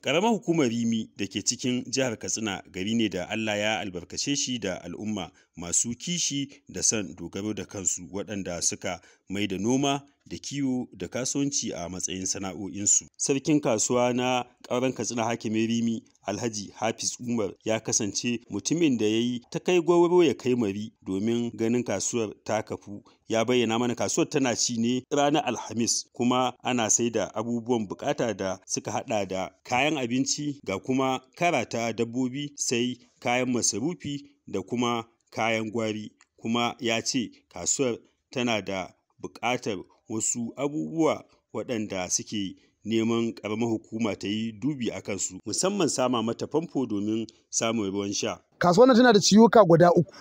Ƙaramar hukumar Rimi da ke cikin jihar Katsina gari ne da Allah ya albarkace shi da al'umma masu kishi da son dogaro da kansu waɗanda suka mai da noma da kiwo da kasuwanci a matsayin sana'o'insu. Sarkin kasuwa na ƙauren Katsina Hakimin Rimi Alhaji Hafiz Umar ya kasance mutumin da ya yi ta kai gwauro ya kai mari domin ganin kasuwar ta kafu. Ya bayyana mana kasuwar tana ci ne ranar Alhamis kuma ana sai da abubuwan bukata da suka hada da kayan abinci ga kuma karata dabbobi sai kayan masarufi da kuma kayan gwari. Kuma ya ce kasuwar tana da buƙatar wasu abubuwa waɗanda suke neman ƙaramar hukuma ta yi dubi a kansu musamman sama mata famfo domin samun ruwan sha. Kasuwar tana da ciwuka guda uku.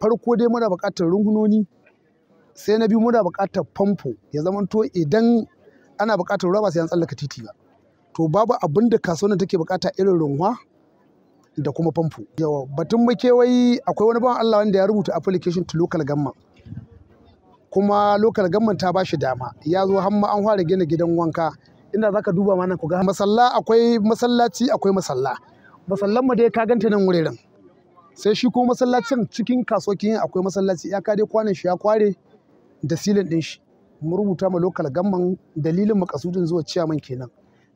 Farko dai muna buƙatar rungunoni sai na biyu muna buƙatar famfo ya zamanto idan ana buƙatar ruwa ba sai an tsallaka titi ba. To babu abin da kasuwar take buƙata irin runwa da kuma famfo. Yawa batun makewayi akwai wani bawan Allah wanda ya rubuta application to local gamma. kuma lokal gamman ta bashi dama ya zo hamma an fara gina gidan wanka inda zaka duba mana ku ga masalla akwai masallaci akwai masalla masallan mu dai ka ganta nan wuraren sai shi kuma masallacin cikin kasokin akwai masallaci ya ka dai kwanan shi ya kware da silin din shi mu rubuta ma lokal gamman dalilin makasudin zuwa ciyaman kenan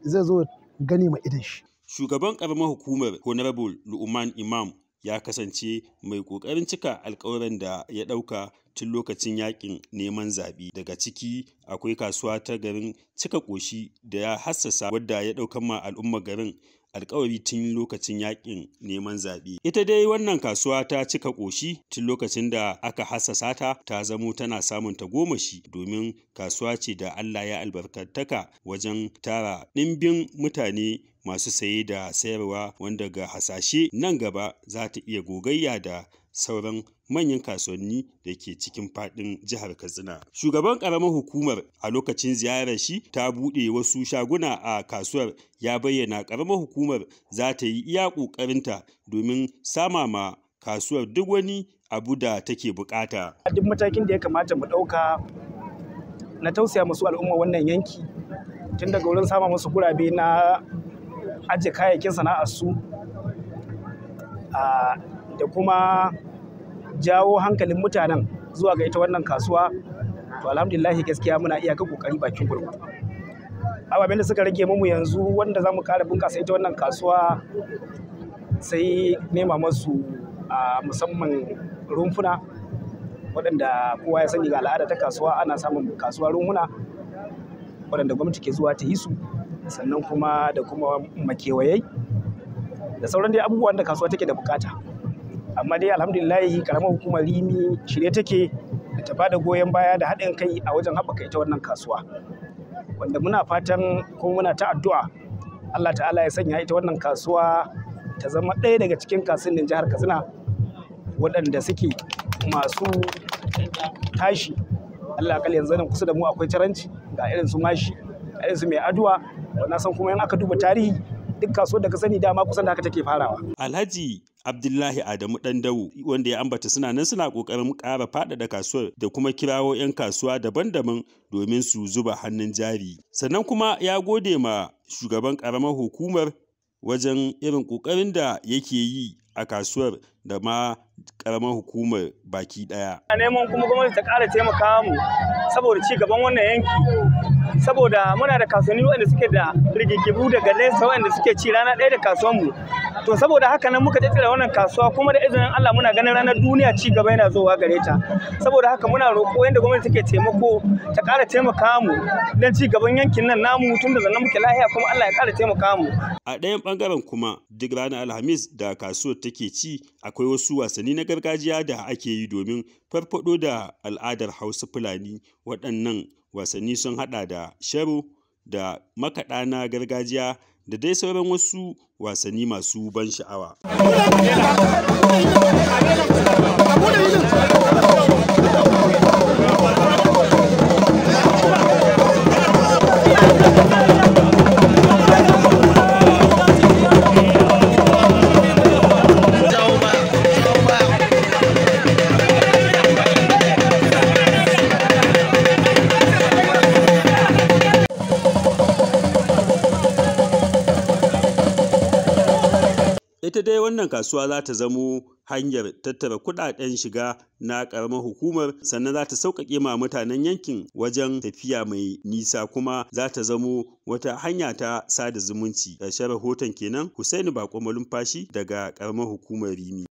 zai zo gani ma idan shi shugaban karamar hukumar honorable lu'uman imam ya kasance mai ƙoƙarin cika alkawuran da ya ɗauka tun lokacin yaƙin neman zaɓe daga ciki akwai kasuwa ta garin cika ƙoshi da ya hassasa wadda ya ɗauka ma al'umma garin alkawari tun lokacin yakin neman zaɓe. Ita dai wannan kasuwa ta cika ƙoshi tun lokacin da aka hassasa ta ta zamo tana samun tagomashi domin kasuwa ce da Allah ya albarkataka wajen tara ɗimbin mutane masu saye da sayarwa wanda ga hasashe nan gaba za ta iya gogayya da sauran manyan kasuwanni da ke cikin fadin jihar katsina shugaban karamar hukumar a lokacin ziyarar shi ta buɗe wasu shaguna a kasuwar ya bayyana karamar hukumar za ta yi iya ƙoƙarinta domin sama ma kasuwar duk wani abu da take bukata duk matakin da ya kamata mu ɗauka na tausaya musu al'umma wannan yanki tun daga wurin sama musu gurabe na Ajiye kayayyakin sana'arsu ah, da kuma jawo hankalin mutanen zuwa ga ita wannan kasuwa to alhamdulillahi gaskiya muna ka kokari bakin gurgu ababen da suka rage mu yanzu wanda za mu kara bunƙasa ita wannan kasuwa sai nema masu ah, musamman rumfuna waɗanda kowa ya sani ga al'ada ta kasuwa ana samun kasuwa rumfuna waɗanda gwamnati ke zuwa ta yi su sannan kuma da kuma makewayai da sauran dai abubuwan da kasuwa take da bukata amma dai alhamdulillahi karamar hukumar rimi shirye take da ta bada goyon baya da haɗin kai a wajen haɓaka ita wannan kasuwa wanda muna fatan kuma muna ta addu'a Allah ta'ala ya sanya ita wannan kasuwa ta zama ɗaya daga cikin kasuwannin jihar Katsina waɗanda suke masu tashi Allah kal yanzu nan kusa da mu akwai caranci ga irin su mashi irin su mai aduwa na san kuma in aka duba tarihi duk kasuwar da ka sani dama kusan da aka take farawa. Alhaji Abdullahi Adamu Dandawu wanda ya ambata suna nan suna kokarin ƙara faɗaɗa kasuwar da kuma kirawo 'yan kasuwa daban-daban domin su zuba hannun jari. Sannan kuma ya gode ma shugaban ƙaramar hukumar wajen irin ƙoƙarin da yake yi a kasuwar da ma ƙaramar hukumar baki ɗaya. Neman kuma gwamnati ta ƙara taimaka mu saboda ci gaban wannan yanki saboda muna da kasuwanni wanda suke da rigigibu daga nesa wanda suke ci rana ɗaya da kasuwanmu to saboda haka nan muka tattara wannan kasuwa kuma da izinin Allah muna ganin ranar duniya ci gaba yana zuwa gare ta saboda haka muna roƙo yadda gwamnati take taimako ta ƙara taimaka mu don ci gaban yankin nan namu tun da zannan muke lahiya kuma Allah ya ƙara taimaka mu a ɗayan ɓangaren kuma duk ranar Alhamis da kasuwar take ci akwai wasu wasanni na gargajiya da ake yi domin farfaɗo da al'adar Hausa Fulani waɗannan wasanni sun haɗa da sharo da makaɗa na gargajiya da dai sauran wasu wasanni masu ban sha'awa. ita dai wannan kasuwa za ta zamo hanyar tattara kudaden shiga na ƙaramar hukumar sannan za ta sauƙaƙe ma mutanen yankin wajen tafiya mai nisa kuma za ta zamo wata hanya ta sada zumunci ƙarshen rahoton kenan Hussaini Bako Malumfashi daga ƙaramar hukumar Rimi.